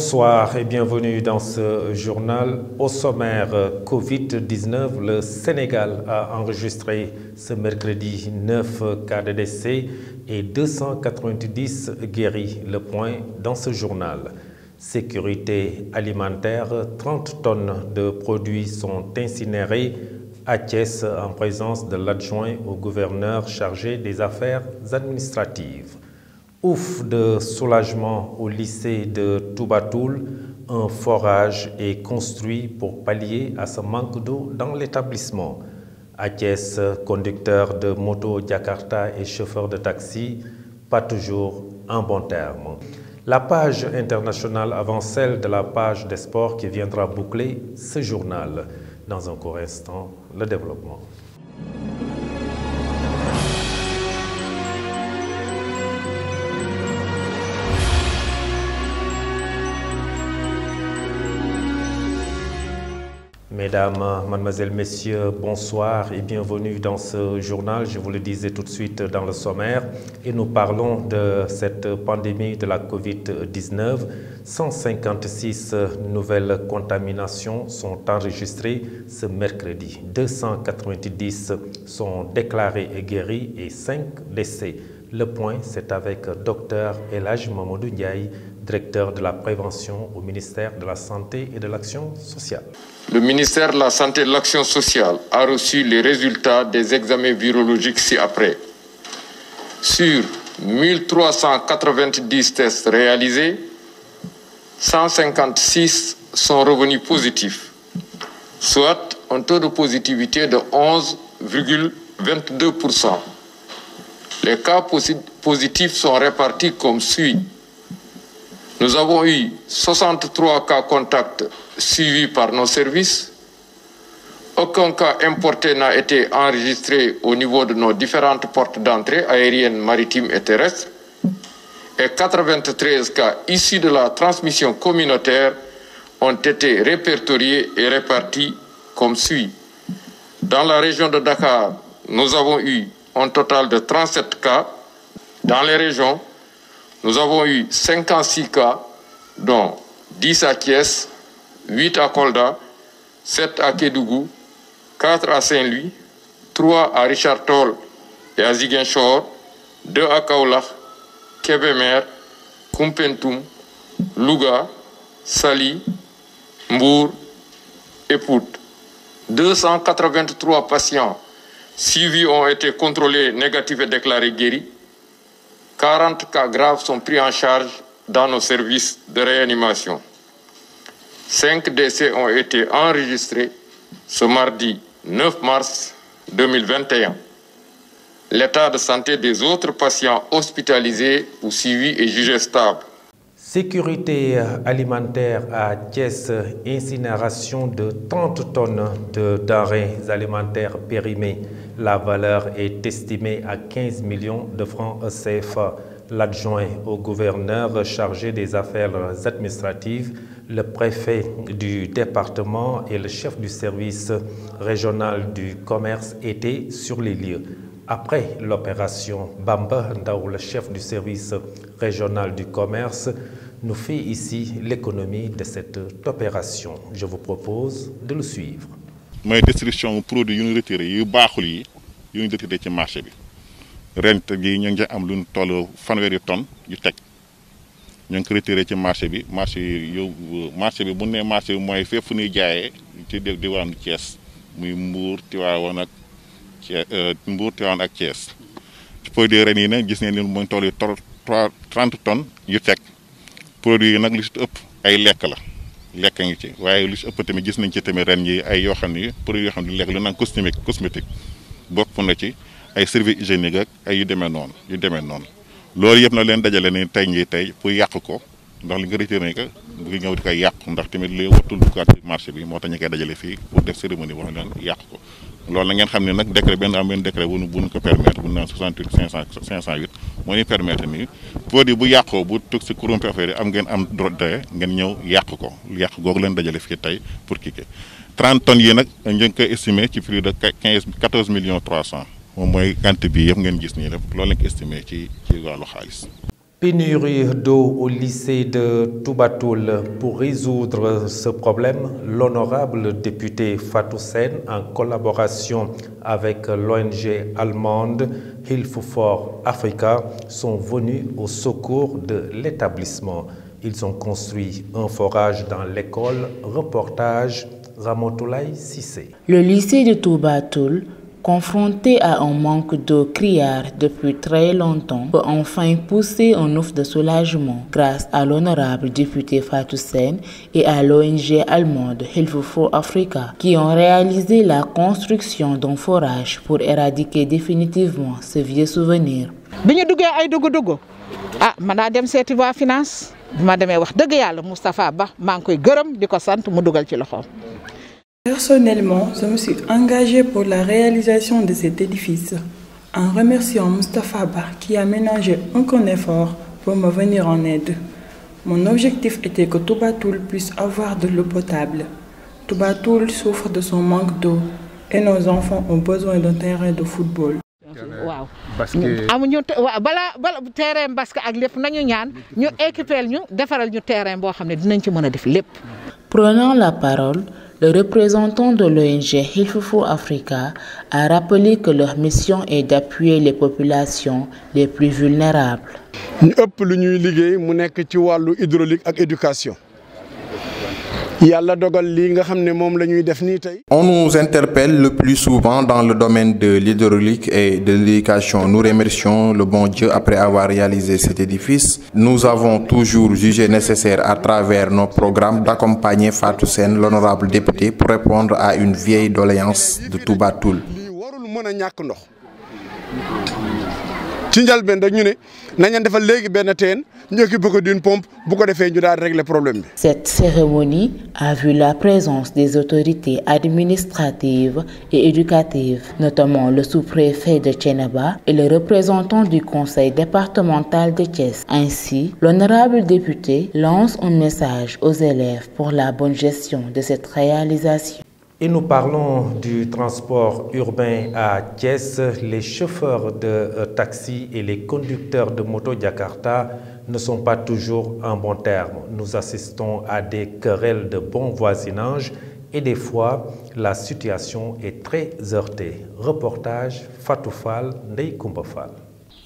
Bonsoir et bienvenue dans ce journal. Au sommaire Covid-19, le Sénégal a enregistré ce mercredi 9 cas de décès et 290 guéris. Le point dans ce journal. Sécurité alimentaire, 30 tonnes de produits sont incinérés à Thiès en présence de l'adjoint au gouverneur chargé des affaires administratives. Ouf de soulagement au lycée de Toubatoul, un forage est construit pour pallier à ce manque d'eau dans l'établissement. Akiès, conducteur de moto Jakarta et chauffeur de taxi, pas toujours en bon terme. La page internationale avant celle de la page des sports qui viendra boucler ce journal. Dans un court instant, le développement. Mesdames, Mademoiselles, Messieurs, bonsoir et bienvenue dans ce journal. Je vous le disais tout de suite dans le sommaire. Et nous parlons de cette pandémie de la COVID-19. 156 nouvelles contaminations sont enregistrées ce mercredi. 290 sont déclarées et guéries et 5 décès. Le point, c'est avec Dr Elaj Mamoudou Ndiaye, directeur de la prévention au ministère de la Santé et de l'Action sociale. Le ministère de la Santé et de l'Action sociale a reçu les résultats des examens virologiques ci-après. Sur 1390 tests réalisés, 156 sont revenus positifs, soit un taux de positivité de 11,22%. Les cas positifs sont répartis comme suit. Nous avons eu 63 cas contacts suivis par nos services. Aucun cas importé n'a été enregistré au niveau de nos différentes portes d'entrée aériennes, maritimes et terrestres. Et 93 cas issus de la transmission communautaire ont été répertoriés et répartis comme suit. Dans la région de Dakar, nous avons eu un total de 37 cas. Dans les régions nous avons eu 56 cas, dont 10 à Kies, 8 à Kolda, 7 à Kédougou, 4 à Saint-Louis, 3 à Richard Toll et à Ziguinchor, 2 à Kaolach, Kebemer, Kumpentum, Louga, Sali, Mbour et Pout. 283 patients suivis ont été contrôlés négatifs et déclarés guéris. 40 cas graves sont pris en charge dans nos services de réanimation. Cinq décès ont été enregistrés ce mardi 9 mars 2021. L'état de santé des autres patients hospitalisés ou suivis est jugé stable. Sécurité alimentaire à Thiès, incinération de 30 tonnes de denrées alimentaires périmés. La valeur est estimée à 15 millions de francs CFA. L'adjoint au gouverneur chargé des affaires administratives, le préfet du département et le chef du service régional du commerce étaient sur les lieux. Après l'opération, Bamba le chef du service régional du commerce, nous fait ici l'économie de cette opération. Je vous propose de le suivre. mooy destruction produit yu ñu retiré yu baaxul yi yu ñu retiré ci marché bi rent jii ñu ngi am lu ñu toll fanweeri tonne yu teg ñoo ngi ko retire ci marché bi marché yi yow marché bi mun ne marché bi mooy fépp nuy ñuy jaayee ci diwaanu Thiès muy Mbour Tivaouane ak Thiès euh, Mbour Tivaouane ak Thiès ci produit ren yi nag gis nañ ne mooy toll yi tor 30 tonnes yu teg produit yi nag lu ci ëpp ay lekk la. lekk ngi ci waaye lu ci ëpp tamit gis nañ ci tamit ren yi ay yoo xam ne produit yoo xam ne lekk lu naan cosmétique cosmétique bokk na ci ay service hygiénique ak ay yu demee noonu yu demee noonu loolu yëpp na leen dajale ni tey ngi tey pour yàq ko ndax li nga retiré que bu ñëw di koy yàq ndax tamit li wattul duggaat ci marché bi moo tax ñu koy dajale fii pour def cérémonie boo xam yàq ko loolu la ngeen xam ne nag décret benn am benn décret bu bu ñu ko permettre bu ñu naan 68 500 508 moo ñu permettre ni produit bu yàqoo bu tug si kuréel affaire am ngeen am droit ngeen ñëw yàq ko yàq googu leen dajale fii tey pour kii 30 ton yi nag ñu ngi koy estimé ci prix de 15 14 millions 300 moom mooy quantité bi yëpp ngeen gis nii rek loolu lañ ko estimé ci ci wàllu xaalis. Pénurie d'eau au lycée de Toubatoul. Pour résoudre ce problème, l'honorable député Fatou Sen, en collaboration avec l'ONG allemande Hilf für Africa, sont venus au secours de l'établissement. Ils ont construit un forage dans l'école. Reportage Ramotoulaye Sissé. Le lycée de Toubatoul confronté à un manque d'eau criard depuis très longtemps, peut enfin poussé un ouf de soulagement grâce à l'honorable député Fatou Sen et à l'ONG allemande Hilfe for Africa qui ont réalisé la construction d'un forage pour éradiquer définitivement ce vieux souvenir. Ah, Moustapha Personnellement, je me suis engagé pour la réalisation de cet édifice en remerciant Mustapha Ba qui a ménagé aucun effort pour me venir en aide. Mon objectif était que Toubatoul puisse avoir de l'eau potable. Toubatoul souffre de son manque d'eau et nos enfants ont besoin d'un terrain de football. la parole. Le représentant de l'ONG for Africa a rappelé que leur mission est d'appuyer les populations les plus vulnérables. On nous interpelle le plus souvent dans le domaine de l'hydraulique et de l'éducation. Nous remercions le bon Dieu après avoir réalisé cet édifice. Nous avons toujours jugé nécessaire à travers nos programmes d'accompagner Fatou Sen, l'honorable député, pour répondre à une vieille doléance de Toubatoul problème Cette cérémonie a vu la présence des autorités administratives et éducatives, notamment le sous-préfet de Tchénaba et le représentant du conseil départemental de Thiès. Ainsi, l'honorable député lance un message aux élèves pour la bonne gestion de cette réalisation. Et nous parlons du transport urbain à Thiès. Les chauffeurs de euh, taxi et les conducteurs de moto Jakarta ne sont pas toujours en bon terme. Nous assistons à des querelles de bon voisinage et des fois, la situation est très heurtée. Reportage Fatoufal Koumba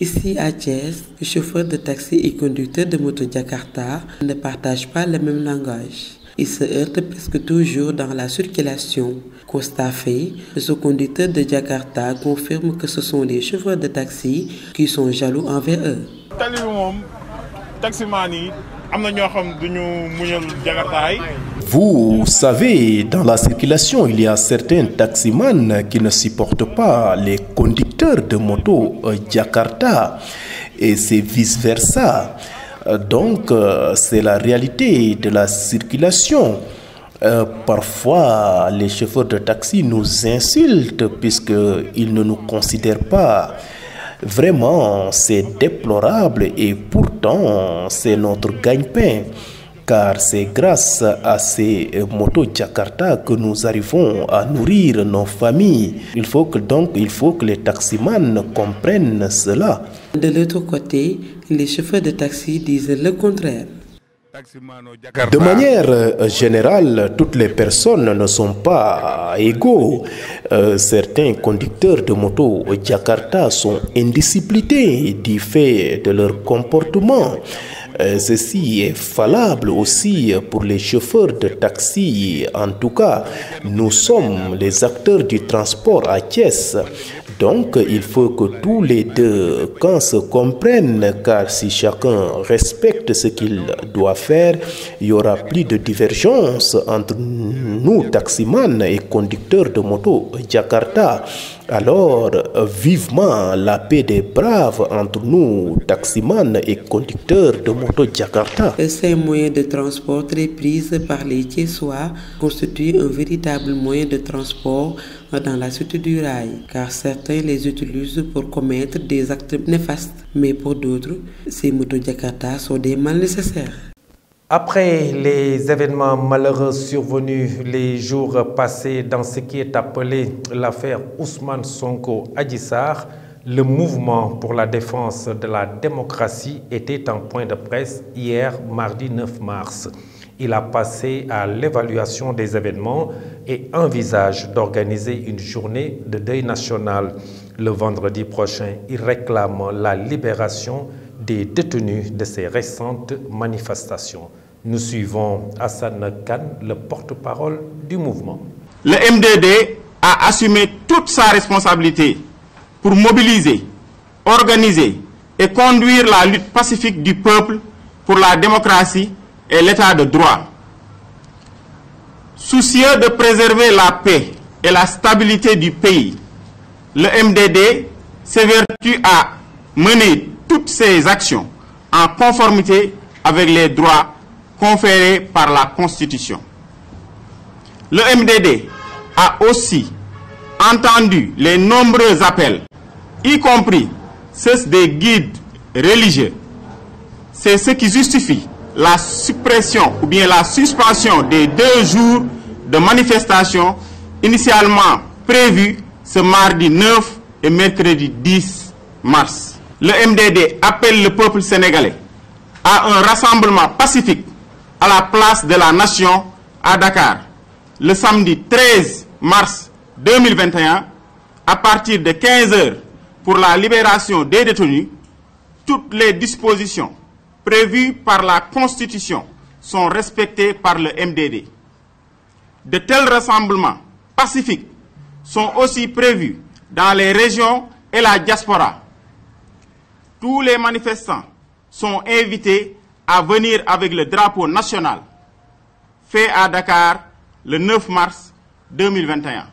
Ici à Thiès, les chauffeurs de taxi et conducteurs de moto Jakarta ne partagent pas le même langage. Il se heurte presque toujours dans la circulation. Costa fait, ce conducteur de Jakarta confirme que ce sont les chauffeurs de taxi qui sont jaloux envers eux. Vous savez, dans la circulation, il y a certains taximans qui ne supportent pas les conducteurs de moto euh, Jakarta et c'est vice-versa. Euh, donc, euh, c'est la réalité de la circulation. Euh, parfois, les chauffeurs de taxi nous insultent puisqu'ils ne nous considèrent pas. Vraiment, c'est déplorable et pourtant, c'est notre gagne-pain car c'est grâce à ces motos Jakarta que nous arrivons à nourrir nos familles. Il faut que donc il faut que les taximans comprennent cela. De l'autre côté, les chauffeurs de taxi disent le contraire. De manière euh, générale, toutes les personnes ne sont pas égaux. Euh, certains conducteurs de moto Jakarta sont indisciplinés du fait de leur comportement. Euh, ceci est fallable aussi pour les chauffeurs de taxi. En tout cas, nous sommes les acteurs du transport à Thiès. Donc, il faut que tous les deux quand se comprennent, car si chacun respecte ce qu'il doit faire, il y aura plus de divergence entre nous, taximans et conducteurs de moto Jakarta. Alors, vivement la paix des braves entre nous, taximans et conducteurs de moto Jakarta. Ces moyens de transport très pris par les Tchessois constituent un véritable moyen de transport dans la suite du rail, car certains les utilisent pour commettre des actes néfastes, mais pour d'autres, ces motos Jakarta sont des mal nécessaires. Après les événements malheureux survenus les jours passés dans ce qui est appelé l'affaire Ousmane Sonko Adissar, le mouvement pour la défense de la démocratie était en point de presse hier mardi 9 mars. Il a passé à l'évaluation des événements et envisage d'organiser une journée de deuil national. Le vendredi prochain, il réclame la libération des détenus de ces récentes manifestations. Nous suivons Hassan Khan, le porte-parole du mouvement. Le MDD a assumé toute sa responsabilité pour mobiliser, organiser et conduire la lutte pacifique du peuple pour la démocratie et l'état de droit. Soucieux de préserver la paix et la stabilité du pays, le MDD s'évertue à mener toutes ses actions en conformité avec les droits conférée par la Constitution. Le MDD a aussi entendu les nombreux appels, y compris ceux des guides religieux. C'est ce qui justifie la suppression ou bien la suspension des deux jours de manifestation initialement prévus ce mardi 9 et mercredi 10 mars. Le MDD appelle le peuple sénégalais à un rassemblement pacifique à la place de la nation à Dakar le samedi 13 mars 2021 à partir de 15h pour la libération des détenus, toutes les dispositions prévues par la Constitution sont respectées par le MDD. De tels rassemblements pacifiques sont aussi prévus dans les régions et la diaspora. Tous les manifestants sont invités à venir avec le drapeau national fait à Dakar le 9 mars 2021.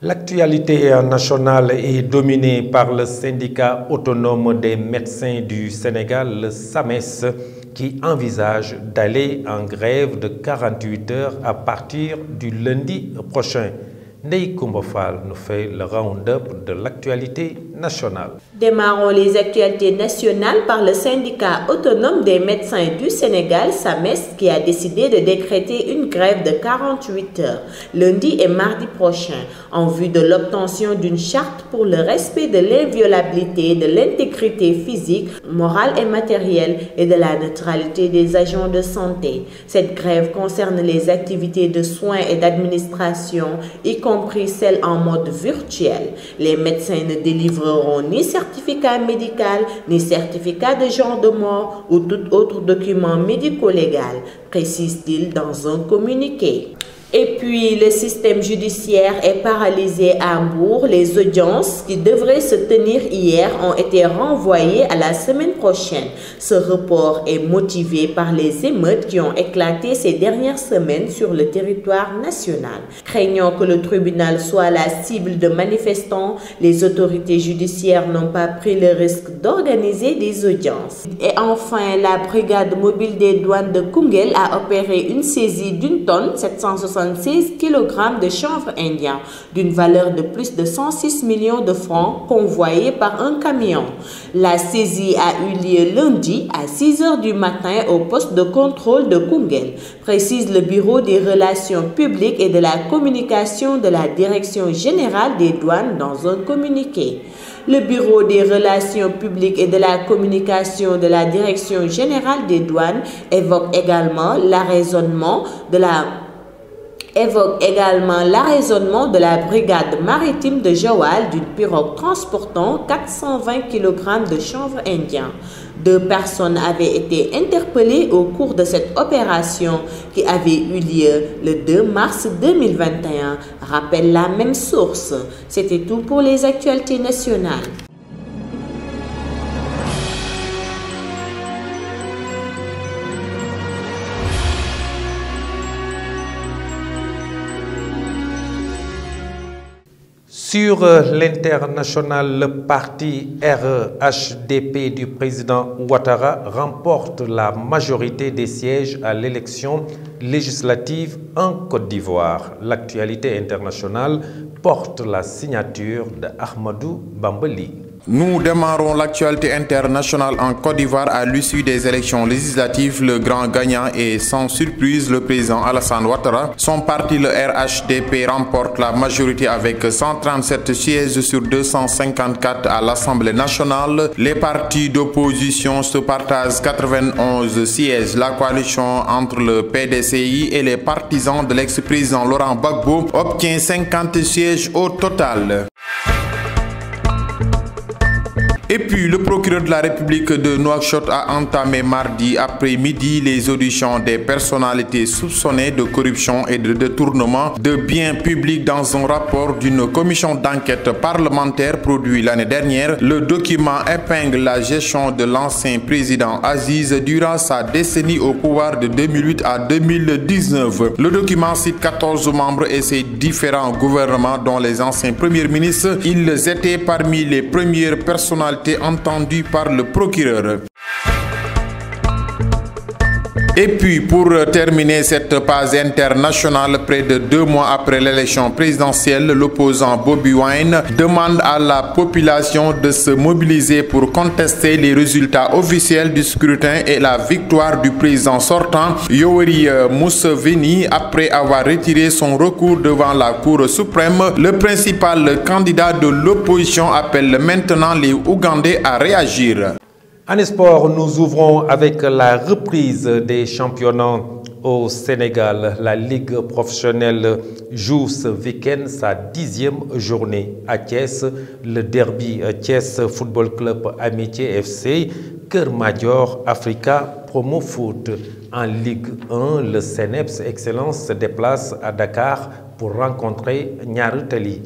L'actualité nationale est dominée par le syndicat autonome des médecins du Sénégal, le SAMES, e qui envisage d'aller en grève de 48 heures à partir du lundi prochain. Ney nous fait le round-up de l'actualité nationale. Démarrons les actualités nationales par le syndicat autonome des médecins du Sénégal, SAMES, e qui a décidé de décréter une grève de 48 heures lundi et mardi prochain en vue de l'obtention d'une charte pour le respect de l'inviolabilité, de l'intégrité physique, morale et matérielle et de la neutralité des agents de santé. Cette grève concerne les activités de soins et d'administration, y compris celles en mode virtuel. Les médecins ne délivreront ni certificat médical, ni certificat de genre de mort ou tout autre document médico-légal, précise-t-il dans un communiqué puis le système judiciaire est paralysé à Hambourg. Les audiences qui devraient se tenir hier ont été renvoyées à la semaine prochaine. Ce report est motivé par les émeutes qui ont éclaté ces dernières semaines sur le territoire national. Craignant que le tribunal soit la cible de manifestants, les autorités judiciaires n'ont pas pris le risque d'organiser des audiences. Et enfin, la brigade mobile des douanes de Kungel a opéré une saisie d'une tonne 766 15 kg de chanvre indien d'une valeur de plus de 106 millions de francs convoyés par un camion. La saisie a eu lieu lundi à 6 heures du matin au poste de contrôle de Kungel, précise le Bureau des relations publiques et de la communication de la Direction générale des douanes dans un communiqué. Le Bureau des relations publiques et de la communication de la Direction générale des douanes évoque également l'arraisonnement de la évoque également l'arraisonnement de la brigade maritime de Joal d'une pirogue transportant 420 kg de chanvre indien. Deux personnes avaient été interpellées au cours de cette opération qui avait eu lieu le 2 mars 2021, rappelle la même source. C'était tout pour les actualités nationales. Sur euh, l'international, le parti RHDP du président Ouattara remporte la majorité des sièges à l'élection législative en Côte d'Ivoire. L'actualité internationale porte la signature de Ahmadou Bambali. Nous démarrons l'actualité internationale en Côte d'Ivoire à l'issue des élections législatives. Le grand gagnant est sans surprise le président Alassane Ouattara. Son parti, le RHDP, remporte la majorité avec 137 sièges sur 254 à l'Assemblée nationale. Les partis d'opposition se partagent 91 sièges. La coalition entre le PDCI et les partisans de l'ex-président Laurent Gbagbo obtient 50 sièges au total. Et puis, le procureur de la République de Nouakchott a entamé mardi après-midi les auditions des personnalités soupçonnées de corruption et de détournement de biens publics dans un rapport d'une commission d'enquête parlementaire produit l'année dernière. Le document épingle la gestion de l'ancien président Aziz durant sa décennie au pouvoir de 2008 à 2019. Le document cite 14 membres et ses différents gouvernements dont les anciens premiers ministres. Ils étaient parmi les premières personnalités été entendu par le procureur. Et puis, pour euh, terminer cette phase internationale, près de deux mois après l'élection présidentielle, l'opposant Bobby Wine demande à la population de se mobiliser pour contester les résultats officiels du scrutin et la victoire du président sortant, Yoweri euh, Museveni, après avoir retiré son recours devant la Cour suprême. Le principal candidat de l'opposition appelle maintenant les Ougandais à réagir. En espoir, nous ouvrons avec la reprise des championnats au Sénégal. La Ligue professionnelle joue ce week-end sa dixième journée à Thiès. Le derby Thiès Football Club Amitié FC, major Africa Promo Foot. En Ligue 1, le CNEPS Excellence se déplace à Dakar pour rencontrer Nyarutali.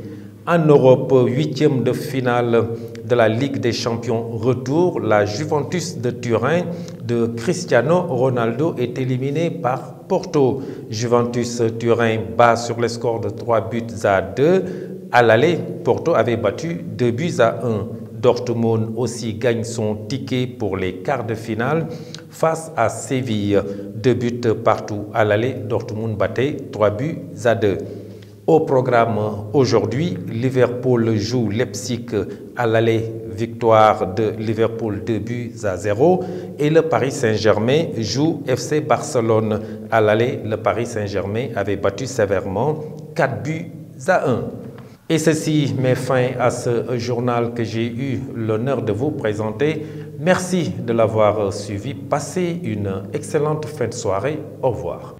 En Europe, huitième de finale de la Ligue des Champions retour, la Juventus de Turin de Cristiano Ronaldo est éliminée par Porto. Juventus Turin bat sur le score de 3 buts à 2. À l'aller, Porto avait battu 2 buts à 1. Dortmund aussi gagne son ticket pour les quarts de finale face à Séville. Deux buts partout à l'aller, Dortmund battait 3 buts à 2. Au programme aujourd'hui, Liverpool joue Leipzig à l'aller, victoire de Liverpool 2 buts à 0. Et le Paris Saint-Germain joue FC Barcelone à l'aller. Le Paris Saint-Germain avait battu sévèrement 4 buts à 1. Et ceci met fin à ce journal que j'ai eu l'honneur de vous présenter. Merci de l'avoir suivi. Passez une excellente fin de soirée. Au revoir.